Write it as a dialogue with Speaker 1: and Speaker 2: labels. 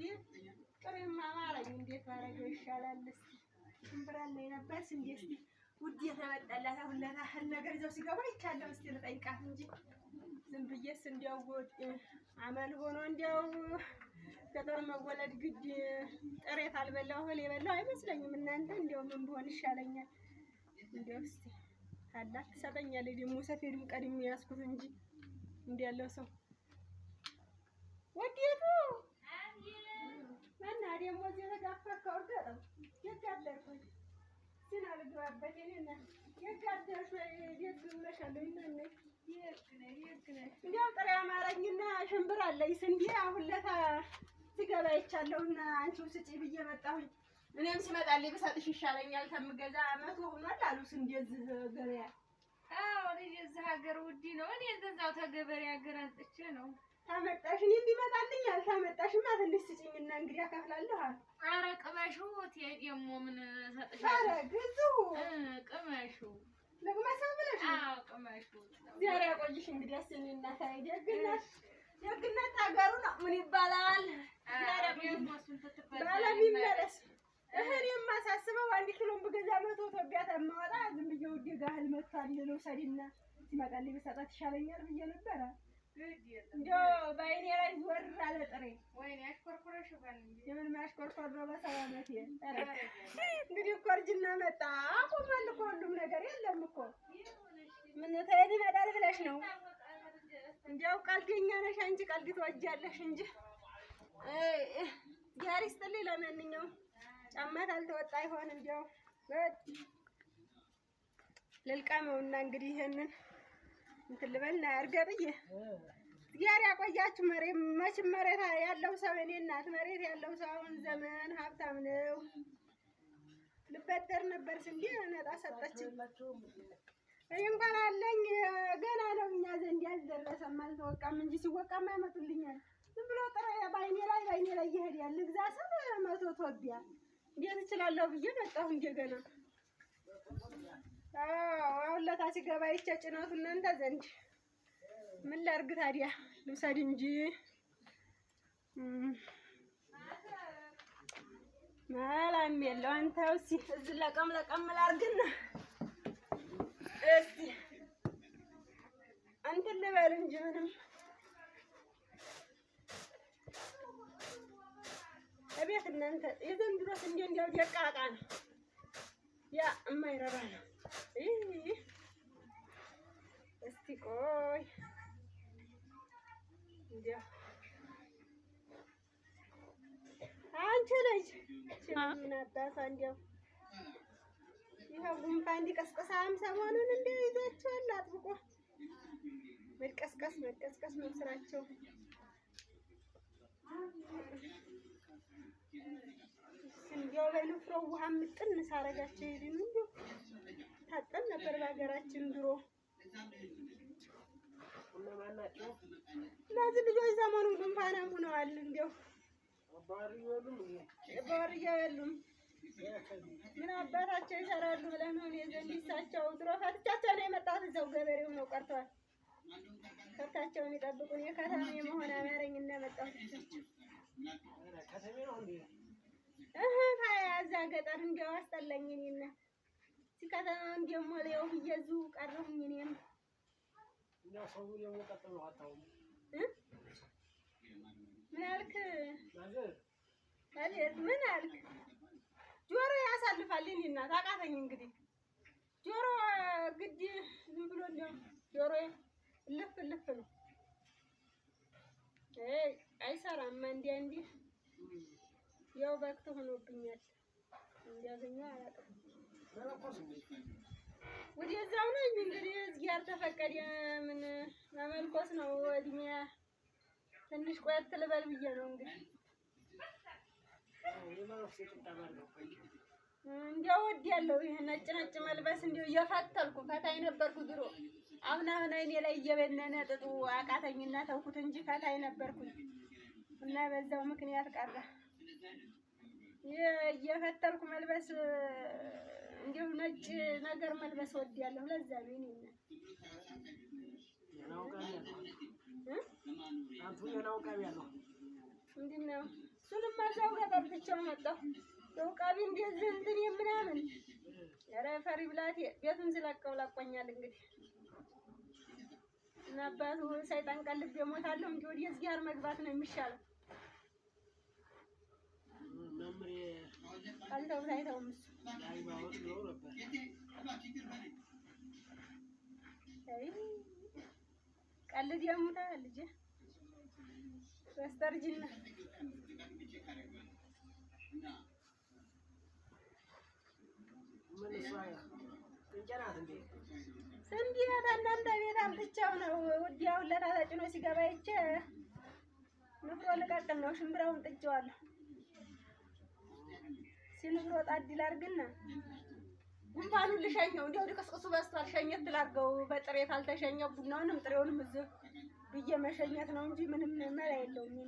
Speaker 1: እንዴ እንዴት ባረገው ይሻላል? ውድ የተመጣላት አሁን ለታህል ነገር አመል ሆኖ እንዲያው ከጦር መወለድ ግድ ጥሬት አልበላው እህል የበላሁ አይመስለኝም። እናንተ እንዲያው ምን ብሆን ይሻለኛል? እንዲያው እስኪ ካላት ትሰጠኛለች። ደግሞ ሰፌዱን ቀድሜ ያዝኩት እንጂ እንዲያለው ሰው እንዲያው ጥሬ አማረኝና ሽምብራ አለኝ ስንዴ አሁን ለታ ስገባ ይቻለሁና አንቺው ስጪ ብዬ መጣሁኝ። እኔም ሲመጣልኝ ብሰጥሽ ይሻለኛል ከምገዛ መቶ ሆኗል አሉ ስንዴ እዚህ ገበያ።
Speaker 2: አዎ እዚህ ሀገር ውድ ነው። እኔ እዛው ተገበሬ ሀገር አጥቼ ነው
Speaker 1: ታመጣሽ እኔም ቢመጣልኛል ታመጣሽማ ትንሽ ስጪኝና እንግዲህ አካፍላለሁ።
Speaker 2: ኧረ ቅመሽው ትሄድ ምን
Speaker 1: እሰጥሻለሁ? ኧረ ግዙ
Speaker 2: ቅመሽው
Speaker 1: ልቅመሰው ብለሽ
Speaker 2: አዎ ቅመሽው።
Speaker 1: ኧረ ያቆይሽ እንግዲህ አስይኝ እናት። ደግነት ደግነት አገሩ ነው ምን ይባላል? ባለሚመለስ እህል የማሳስበው አንድ ኪሎም ብገዛ መቶ ኢትዮጵያ ተማወጣ ዝም ብዬ ውዴ ጋር እህል ልውሰድና ሲመጣልኝ ብሰጣት ይሻለኛል ብዬ ነበረ እንደው በዓይኔ ላይ ዞር አለ ጥሬ
Speaker 2: ወይኔ አሽኮርኩረሽ
Speaker 1: የምን ማሽኮርኮር ነው? በሰው ዓመቴ እንግዲህ እኮ እርጅና መጣ። አቁሟል እኮ ሁሉም ነገር የለም እኮ ምን ተይኝ ይመጣል ብለሽ ነው? እንዲያው ቀልደኛ ነሽ አንቺ ቀልድ ትወጃለሽ እንጂ ጋሪ ስጥልኝ። ለማንኛውም ጫማት አልተወጣ ይሆን እንዲያው ልልቀመውና እንግዲህ ይሄንን እንትን ልበልና እርገጥዬ እግዚአብሔር ያቆያችሁ። መሬት መቼም መሬት ያለው ሰው እኔ እናት መሬት ያለው ሰው አሁን ዘመን ሀብታም ነው። ልበደር ነበር ስንዴ ነጣ ሰጠችኝ። እኔ እንኳን አለኝ ገና ነው። እኛ ዘንድ ያልደረሰም አልተወቃም እንጂ ሲወቃማ ይመጡልኛል። ዝም ብሎ ጥሬ በአይኔ ላይ በአይኔ ላይ ይሄድ ያለ ልግዛ ስም መቶ ቶቢያ እንዴት እችላለሁ ብዬ መጣሁ እንጂ አሁን ለታ ሲገባ ይቻ ጭነቱ እናንተ ዘንድ ምን ላድርግ ታዲያ ልውሰድ እንጂ መላም የለው። አንተው እስኪ እዚህ ለቀም ለቀም እስኪ እንትን ልበል እንጂ ምንም እቤት እናንተ የዘንድሮስ እንዲያው ደቃቃ ነው፣ ያ የማይረባ ነው። እስቲ ቆይ እንዲያው አንቺ ልጅ ምን አባቷ እንዲያው ይኸው ጉንፋን እንዲቀስቅሳም ሰሞኑን እንዲያው ይዟቸዋል አጥብቆ መቀስቀስ መቀስቀስ ነው ስራቸው። እንዲያው ለንፍሮ ውሃ ምጥን ሳረጋቸው ታጠን ነበር በሀገራችን ድሮ። እነዚህ ልጆች ዘመኑን ጉንፋናም ሆነዋል። እንዲያው ባህርያ የሉም ምን አባታቸው ይሰራሉ ብለን ሆን የዘሚሳቸው? ድሮ ፈትቻቸው ነው የመጣሁት። እዛው ገበሬ ነው ቀርተዋል። ከብታቸውን ይጠብቁ። የከተማ የመሆን አማረኝ እንደመጣሁት እዛ ገጠር እንዲያው አስጠላኝ እኔና ሲቀጥም ደግሞ ለው ብዬሽ ቀረሁኝ። እኔም ምን አልክ? ምን አልክ? ጆሮ ያሳልፋል። እኔ እናት አቃተኝ። እንግዲህ ጆሮ ግድ ዝም ብሎ ጆሮ እልፍ እልፍ ነው። አይሰራም። እንዲያ እንዲህ ያው በክት ሆኖብኛል። እንዲያገኘው አያውቅም ወደዚያው ነኝ እንግዲህ እዚህ ያልተፈቀደ ምን መመልኮስ ነው። እድሜ ትንሽ ቆየት ልበል ብዬ ነው እንግዲህ እንዲያው ወድ ይሄ ነጭ ነጭ መልበስ እንዲያው እየፈተልኩ ፈታይ ነበርኩ ድሮ። አሁን አሁን እኔ ላይ እየበነነ ጥጡ አቃተኝና ተውኩት እንጂ ፈታይ ነበርኩኝ እና በዛው ምክንያት ቀረ እየፈተልኩ መልበስ እንዲሁ ነጭ ነገር መልበስ ወዲያለሁ። ለዛ ነው እኔ ምንድን ነው እሱንማ እዛው ገጠር መጣሁ። ውቃቢ እንደዚህ እንትን ምናምን ኧረ ፈሪ ብላት ቤቱን ስለቀው ላቆኛል። እንግዲህ እና አባቱ ሰይጣን ቀልቤ እሞታለሁ እንጂ ወደ እዚህ ጋር መግባት ነው የሚሻለው። አልተውም አይተውም እሱ ቀልድ ያሙታል ልጄ በስተርጅና ስንዴ እናንተ ቤት አምጥቻው ነው ውድ ያው ለታ ተጭኖ ሲገባ ይቼ ንፍሮ ልቀቅል ነው ሽምብራውን ጥጄዋለሁ ሲንሮጥ አዲል አድርግና እንኳን ልሸኘው እንዲያው ሊቀስቅሱ በስቷል። ሸኘት ትላርገው በጥሬት አልተሸኘ ቡናውንም ጥሬውንም እዚህ ብዬ መሸኘት ነው እንጂ ምንም መላ የለውም።